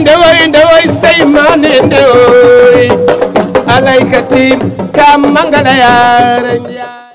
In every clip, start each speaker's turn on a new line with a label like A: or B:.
A: ndewoy ndewoy ndewoy seymane ndewoy alaykatim kam mangala yarandia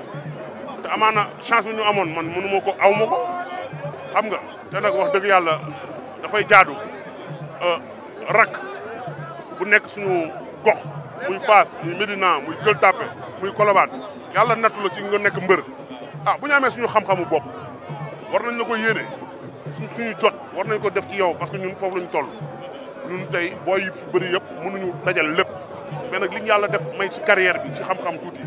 A: mag te amaana chance bi ñu amoon man mënu ma ko aw ma ko xam nga te nag wax dëgg yàlla dafay jaadu euh, rak bu nekk suñu gox muy Fass muy Médina muy Gueule Tapée muy Colobane yàlla nattu la ci nga nekk mbër a ah, bu ñu amee suñu xam-xamu bopp war nañ na ko yéene suñ suñu jot war nañ ko def ci yow parce que ñun foofu lañ toll ñun tey booy yi fi bëri yëpp mënuñu dajal lépp mais nag li yàlla def may si carrière bi ci xam-xam tuuti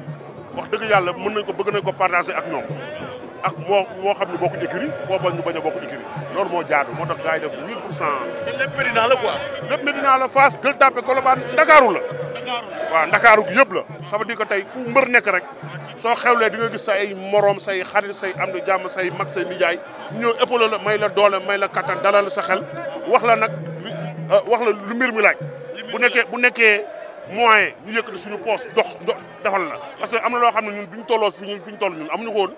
A: wax dëgg yàlla mën nañ ko bëgg nañ ko partager ak ñoom ak moo xam ne bokkuñ écurie moo bañ ñu bañ bokk écurie loolu moo jaadu moo tax gars yi def 1000 pour cent. te lépp la quoi. lépp Médina la Fass Gueule Tapée Colobane Ndakaaru la. waaw Ndakaaru yëpp la. ça veut dire que tey fu mbër nekk rek soo xew xewlee di nga gis say moroom say xarit say am di jàmm say mag say nijaay ñëw épaulé la may la doole may la kattan dalal sa xel wax la nag euh, wax la lu mbir mi laaj. bu moyen ñu yëkkati suñu poos dox dox defal la parce que am na loo xam ne ñun bi ñu tolloo fi ñu fi ñu toll ñun amuñu ko woon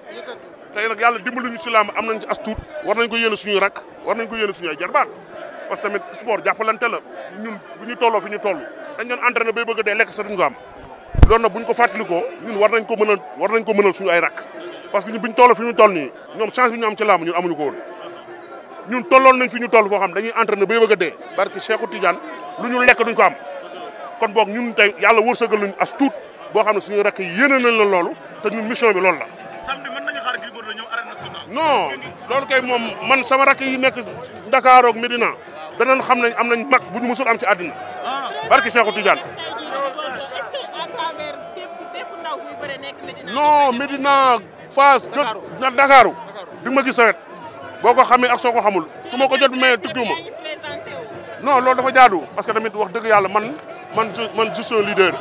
A: tey nag yàlla dimbali ñu ci làmb ci as war nañ ko yéene suñu rak war nañ ko yéene suñu jarbaat parce que sport jàppalante la ñun bu ñu tolloo fi ñu toll dañ doon entraîné bay bëgg a dee lekk sa duñ ko am loolu nag buñ ko fàttalikoo ñun war nañ ko mën war nañ ko mënal suñu ay rak parce que ñun biñ tolloo fi ñu toll nii chance bi ñu am ci làmb ñun amuñu ko woon ñun tolloon nañ fi ñu toll foo xam dañuy entraîné bay bëgg a dee Cheikhou Tidiane lu ñu duñ ko am kon boog ñun tey yàlla wërsëgal nañu as tuut boo xam ne suñu rakk yéene nañ la loolu te ñun mission bi loolu la. samedi loolu kay moom man sama rakk yi nekk Dakar ak Medina danañ xam nañ am nañ mag bu ñu mësul am ci àddina. Ah. barki Cheikhou Tidiane. non Medina Fass gë na Dakaru di ma gis boo ko xamee ak soo ko xamul su ma ko jot mais tukkiwuma non loolu dafa jaadu parce que tamit wax dëgg yàlla man. man man je suis un leader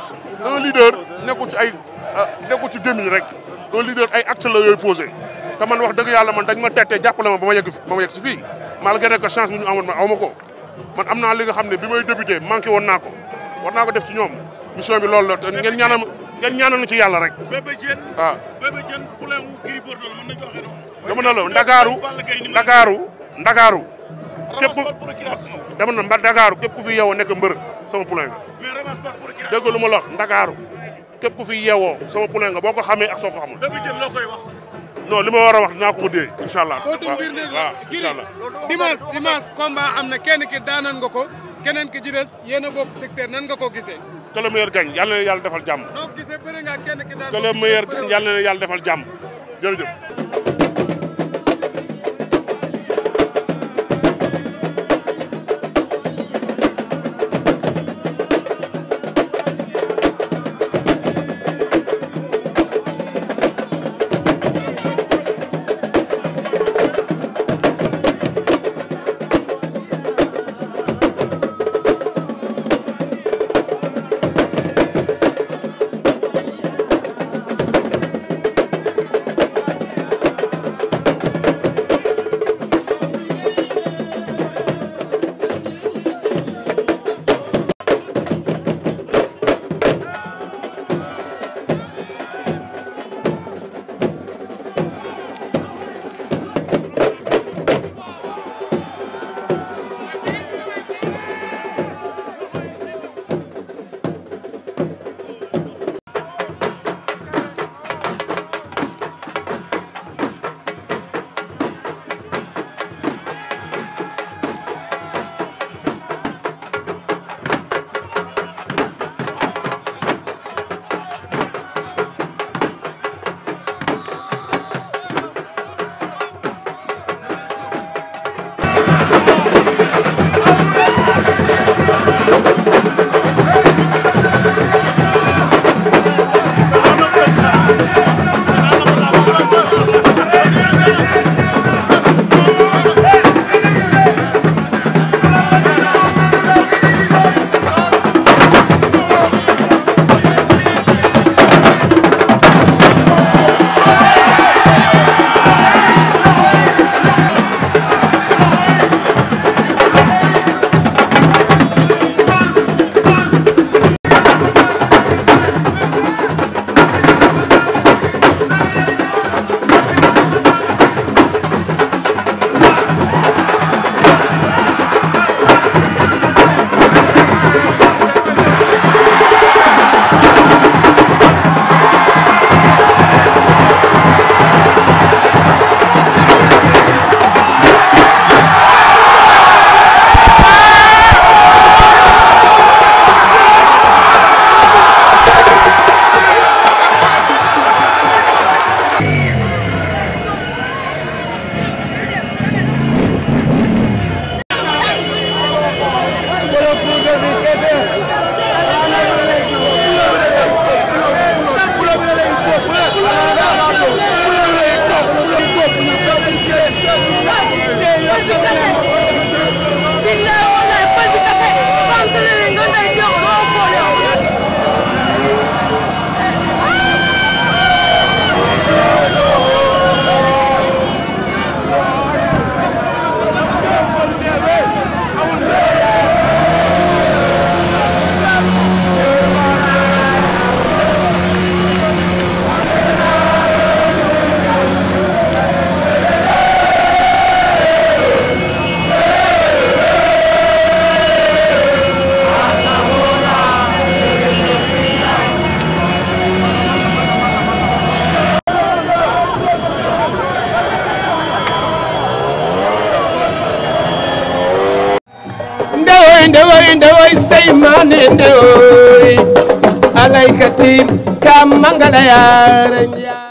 A: un leader nekkul ci ay ah, nekkul ci gémmiñ rek un leader ay acte la yooyu posé te wax dëgg yàlla man dañ ma tettee jàppale ma ba ma ba ma yegg si fii malgré que chance bi ñu amoon man aw ma ko man am naa li nga xam ne bi may débuté manqué woon naa ko war naa ko def ci ñoom mission bi loolu la te ngeen ñaanal ngeen ñaanal na ci yàlla rek ah. waaw dama na la ndakaaru ndakaaru ndakaaru képp dama na mba ndakaaru képp ku fi yow nekk mbër sama poulain nga. dégg lu ma la wax ndakaaru képp ku fi yeewoo sama poulain nga boo ko xamee ak soo ko xamul.
B: non li ma war a wax dinaa
A: ko dee incha allah. waaw waaw dimanche dimanche combat am na kenn ki daanan nga ko keneen ki ci des yéen a nan nga ko gisee. que le meilleur gagne yàlla na defal jàmm. donc gisee bëri nga kenn ki daan que le meilleur na yàlla defal jàmm jërëjëf. ndewoy ndewoy ndewoy seymane ndewoy alaykatim kam mangala yaran ya